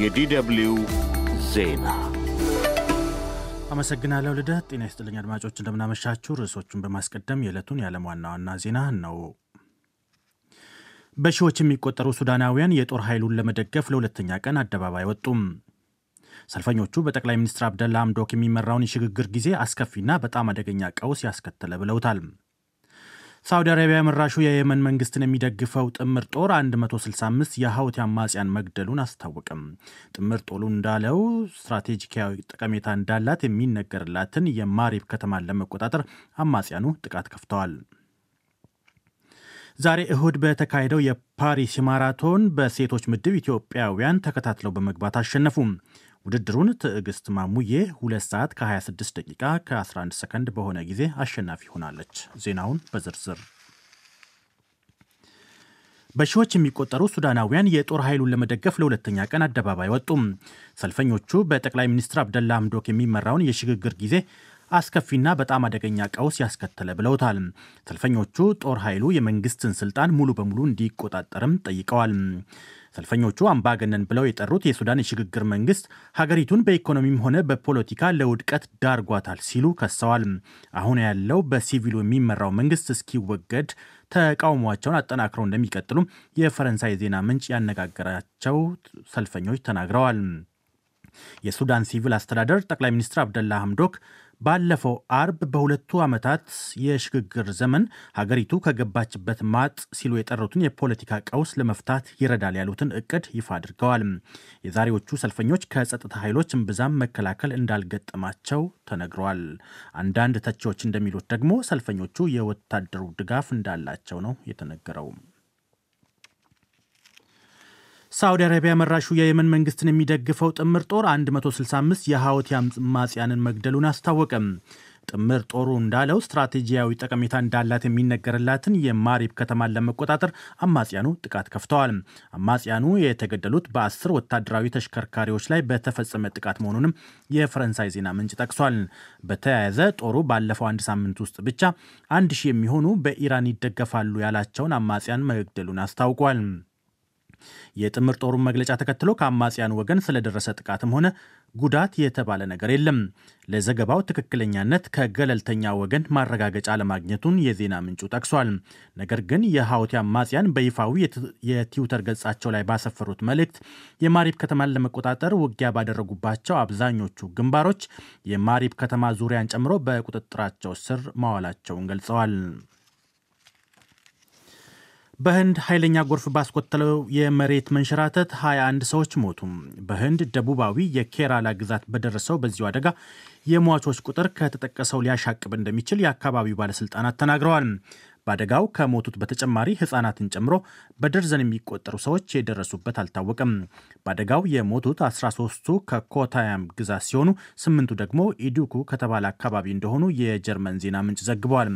የዲደብልዩ ዜና አመሰግናለሁ ልደት። ጤና ይስጥልኝ አድማጮች፣ እንደምናመሻችሁ። ርዕሶቹን በማስቀደም የዕለቱን የዓለም ዋና ዋና ዜና ነው። በሺዎች የሚቆጠሩ ሱዳናውያን የጦር ኃይሉን ለመደገፍ ለሁለተኛ ቀን አደባባይ ወጡም። ሰልፈኞቹ በጠቅላይ ሚኒስትር አብደላ አምዶክ የሚመራውን የሽግግር ጊዜ አስከፊና በጣም አደገኛ ቀውስ ያስከተለ ብለውታል። ሳውዲ አረቢያ መራሹ የየመን መንግስትን የሚደግፈው ጥምር ጦር 165 የሀውቲ አማጽያን መግደሉን አስታወቅም። ጥምር ጦሉ እንዳለው ስትራቴጂካዊ ጠቀሜታ እንዳላት የሚነገርላትን የማሪብ ከተማን ለመቆጣጠር አማጽያኑ ጥቃት ከፍተዋል። ዛሬ እሁድ በተካሄደው የፓሪስ ማራቶን በሴቶች ምድብ ኢትዮጵያውያን ተከታትለው በመግባት አሸነፉ። ውድድሩን ትዕግስት ማሙዬ 2 ሰዓት ከ26 ደቂቃ ከ11 ሰከንድ በሆነ ጊዜ አሸናፊ ሆናለች። ዜናውን በዝርዝር በሺዎች የሚቆጠሩ ሱዳናውያን የጦር ኃይሉን ለመደገፍ ለሁለተኛ ቀን አደባባይ ወጡ። ሰልፈኞቹ በጠቅላይ ሚኒስትር አብደላ አምዶክ የሚመራውን የሽግግር ጊዜ አስከፊና በጣም አደገኛ ቀውስ ያስከተለ ብለውታል። ሰልፈኞቹ ጦር ኃይሉ የመንግስትን ስልጣን ሙሉ በሙሉ እንዲቆጣጠርም ጠይቀዋል። ሰልፈኞቹ አምባገነን ብለው የጠሩት የሱዳን የሽግግር መንግስት ሀገሪቱን በኢኮኖሚም ሆነ በፖለቲካ ለውድቀት ዳርጓታል ሲሉ ከሰዋል። አሁን ያለው በሲቪሉ የሚመራው መንግስት እስኪወገድ ተቃውሟቸውን አጠናክረው እንደሚቀጥሉ የፈረንሳይ ዜና ምንጭ ያነጋገራቸው ሰልፈኞች ተናግረዋል። የሱዳን ሲቪል አስተዳደር ጠቅላይ ሚኒስትር አብደላ ሐምዶክ ባለፈው አርብ በሁለቱ ዓመታት የሽግግር ዘመን ሀገሪቱ ከገባችበት ማጥ ሲሉ የጠሩትን የፖለቲካ ቀውስ ለመፍታት ይረዳል ያሉትን እቅድ ይፋ አድርገዋል። የዛሬዎቹ ሰልፈኞች ከጸጥታ ኃይሎች እምብዛም መከላከል እንዳልገጠማቸው ተነግረዋል። አንዳንድ ተቺዎች እንደሚሉት ደግሞ ሰልፈኞቹ የወታደሩ ድጋፍ እንዳላቸው ነው የተነገረው። ሳውዲ አረቢያ መራሹ የየመን መንግስትን የሚደግፈው ጥምር ጦር 165 የሐውቲ አማጽያንን መግደሉን አስታወቀም። ጥምር ጦሩ እንዳለው ስትራቴጂያዊ ጠቀሜታ እንዳላት የሚነገርላትን የማሪብ ከተማን ለመቆጣጠር አማጽያኑ ጥቃት ከፍተዋል። አማጽያኑ የተገደሉት በአስር ወታደራዊ ተሽከርካሪዎች ላይ በተፈጸመ ጥቃት መሆኑንም የፈረንሳይ ዜና ምንጭ ጠቅሷል። በተያያዘ ጦሩ ባለፈው አንድ ሳምንት ውስጥ ብቻ አንድ ሺህ የሚሆኑ በኢራን ይደገፋሉ ያላቸውን አማጽያን መግደሉን አስታውቋል። የጥምር ጦሩን መግለጫ ተከትሎ ከአማጽያን ወገን ስለደረሰ ጥቃትም ሆነ ጉዳት የተባለ ነገር የለም። ለዘገባው ትክክለኛነት ከገለልተኛ ወገን ማረጋገጫ ለማግኘቱን የዜና ምንጩ ጠቅሷል። ነገር ግን የሀውቲ አማጽያን በይፋዊ የትዊተር ገጻቸው ላይ ባሰፈሩት መልእክት የማሪብ ከተማን ለመቆጣጠር ውጊያ ባደረጉባቸው አብዛኞቹ ግንባሮች የማሪብ ከተማ ዙሪያን ጨምሮ በቁጥጥራቸው ስር ማዋላቸውን ገልጸዋል። በህንድ ኃይለኛ ጎርፍ ባስቆጠለው የመሬት መንሸራተት 21 ሰዎች ሞቱ። በህንድ ደቡባዊ የኬራላ ግዛት በደረሰው በዚሁ አደጋ የሟቾች ቁጥር ከተጠቀሰው ሊያሻቅብ እንደሚችል የአካባቢው ባለሥልጣናት ተናግረዋል። በአደጋው ከሞቱት በተጨማሪ ህጻናትን ጨምሮ በደርዘን የሚቆጠሩ ሰዎች የደረሱበት አልታወቀም። በአደጋው የሞቱት 13ቱ ከኮታያም ግዛት ሲሆኑ ስምንቱ ደግሞ ኢዱኩ ከተባለ አካባቢ እንደሆኑ የጀርመን ዜና ምንጭ ዘግበዋል።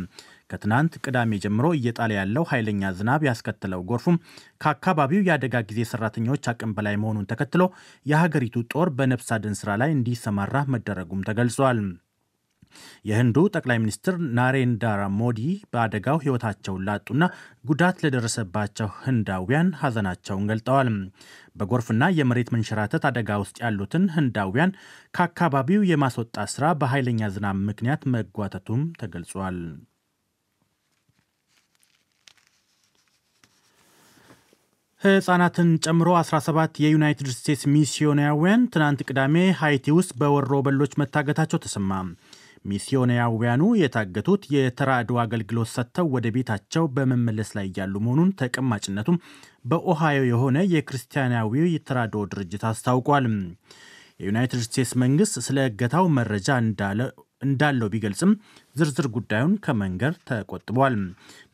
ከትናንት ቅዳሜ ጀምሮ እየጣለ ያለው ኃይለኛ ዝናብ ያስከተለው ጎርፉም ከአካባቢው የአደጋ ጊዜ ሰራተኞች አቅም በላይ መሆኑን ተከትሎ የሀገሪቱ ጦር በነፍስ አድን ስራ ላይ እንዲሰማራ መደረጉም ተገልጿል። የህንዱ ጠቅላይ ሚኒስትር ናሬንዳራ ሞዲ በአደጋው ህይወታቸውን ላጡና ጉዳት ለደረሰባቸው ህንዳውያን ሀዘናቸውን ገልጠዋል። በጎርፍና የመሬት መንሸራተት አደጋ ውስጥ ያሉትን ህንዳውያን ከአካባቢው የማስወጣት ስራ በኃይለኛ ዝናብ ምክንያት መጓተቱም ተገልጿል። ሕፃናትን ጨምሮ 17 የዩናይትድ ስቴትስ ሚስዮናውያን ትናንት ቅዳሜ ሃይቲ ውስጥ በወሮ በሎች መታገታቸው ተሰማ። ሚስዮናውያኑ የታገቱት የተራድኦ አገልግሎት ሰጥተው ወደ ቤታቸው በመመለስ ላይ እያሉ መሆኑን ተቀማጭነቱም በኦሃዮ የሆነ የክርስቲያናዊ የተራድኦ ድርጅት አስታውቋል። የዩናይትድ ስቴትስ መንግስት ስለ እገታው መረጃ እንዳለ እንዳለው ቢገልጽም ዝርዝር ጉዳዩን ከመንገር ተቆጥቧል።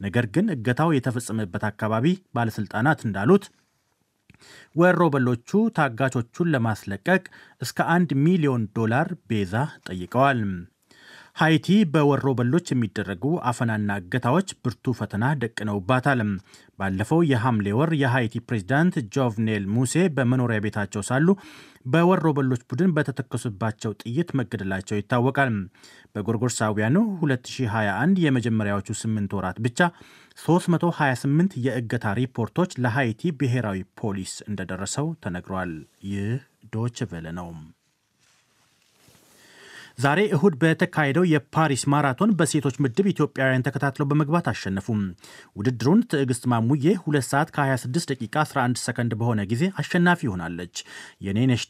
ነገር ግን እገታው የተፈጸመበት አካባቢ ባለስልጣናት እንዳሉት ወሮ በሎቹ ታጋቾቹን ለማስለቀቅ እስከ አንድ ሚሊዮን ዶላር ቤዛ ጠይቀዋል። ሃይቲ በወሮ በሎች የሚደረጉ አፈናና እገታዎች ብርቱ ፈተና ደቅነውባታል። ባለፈው የሐምሌ ወር የሃይቲ ፕሬዚዳንት ጆቭኔል ሙሴ በመኖሪያ ቤታቸው ሳሉ በወሮ በሎች ቡድን በተተከሱባቸው ጥይት መገደላቸው ይታወቃል። በጎርጎርሳውያኑ 2021 የመጀመሪያዎቹ 8 ወራት ብቻ 328 የእገታ ሪፖርቶች ለሃይቲ ብሔራዊ ፖሊስ እንደደረሰው ተነግሯል። ይህ ዶችቬለ ነው። ዛሬ እሁድ በተካሄደው የፓሪስ ማራቶን በሴቶች ምድብ ኢትዮጵያውያን ተከታትለው በመግባት አሸነፉም። ውድድሩን ትዕግስት ማሙዬ 2 ሰዓት ከ26 ደቂቃ 11 ሰከንድ በሆነ ጊዜ አሸናፊ ይሆናለች። የኔነሽ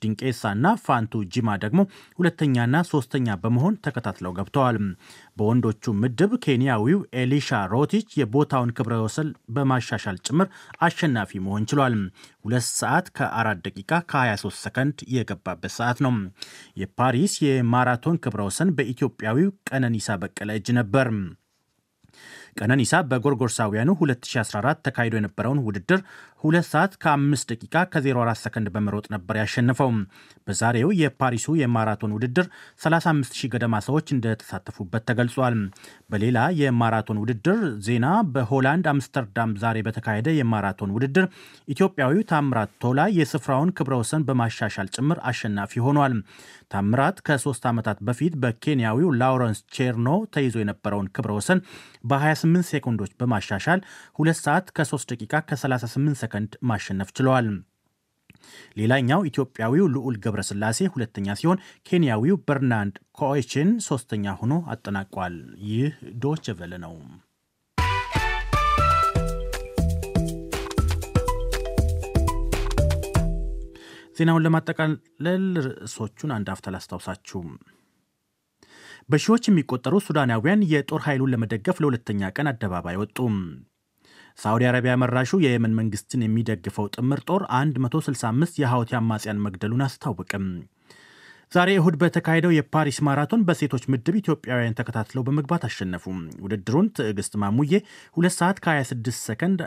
እና ፋንቱ ጂማ ደግሞ ሁለተኛና ሶስተኛ በመሆን ተከታትለው ገብተዋል። በወንዶቹ ምድብ ኬንያዊው ኤሊሻ ሮቲች የቦታውን ክብረ ወሰን በማሻሻል ጭምር አሸናፊ መሆን ችሏል። 2 ሰዓት ከ4 ደቂቃ ከ23 ሰከንድ የገባበት ሰዓት ነው። የፓሪስ የማራቶን ክብረ ወሰን በኢትዮጵያዊው ቀነኒሳ በቀለ እጅ ነበር። ቀነኒሳ በጎርጎርሳውያኑ 2014 ተካሂዶ የነበረውን ውድድር ሁለት ሰዓት ከአምስት ደቂቃ ከ04 ሰከንድ በመሮጥ ነበር ያሸነፈው። በዛሬው የፓሪሱ የማራቶን ውድድር 35 ገደማ ሰዎች እንደተሳተፉበት ተገልጿል። በሌላ የማራቶን ውድድር ዜና በሆላንድ አምስተርዳም ዛሬ በተካሄደ የማራቶን ውድድር ኢትዮጵያዊው ታምራት ቶላ የስፍራውን ክብረ ወሰን በማሻሻል ጭምር አሸናፊ ሆኗል። ታምራት ከሶስት ዓመታት በፊት በኬንያዊው ላውረንስ ቼርኖ ተይዞ የነበረውን ክብረ ወሰን በ28 ሴኮንዶች በማሻሻል 2 ሰዓት ከ3 ደቂቃ ከ38 ሰከንድ ማሸነፍ ችለዋል። ሌላኛው ኢትዮጵያዊው ልዑል ገብረስላሴ ሁለተኛ ሲሆን ኬንያዊው በርናንድ ኮኤችን ሶስተኛ ሆኖ አጠናቋል። ይህ ዶች ቨለ ነው። ዜናውን ለማጠቃለል ርዕሶቹን አንድ አፍታ ላስታውሳችሁ። በሺዎች የሚቆጠሩ ሱዳናዊያን የጦር ኃይሉን ለመደገፍ ለሁለተኛ ቀን አደባባይ ወጡ። ሳዑዲ አረቢያ መራሹ የየመን መንግስትን የሚደግፈው ጥምር ጦር 165 የሐውቲ አማጽያን መግደሉን አስታወቅም። ዛሬ እሁድ በተካሄደው የፓሪስ ማራቶን በሴቶች ምድብ ኢትዮጵያውያን ተከታትለው በመግባት አሸነፉ። ውድድሩን ትዕግስት ማሙዬ 2 ሰዓት ከ26 ሰከንድ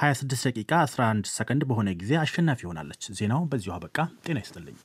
26 ደቂቃ 11 ሰከንድ በሆነ ጊዜ አሸናፊ ሆናለች። ዜናው በዚሁ አበቃ። ጤና ይስጥልኝ።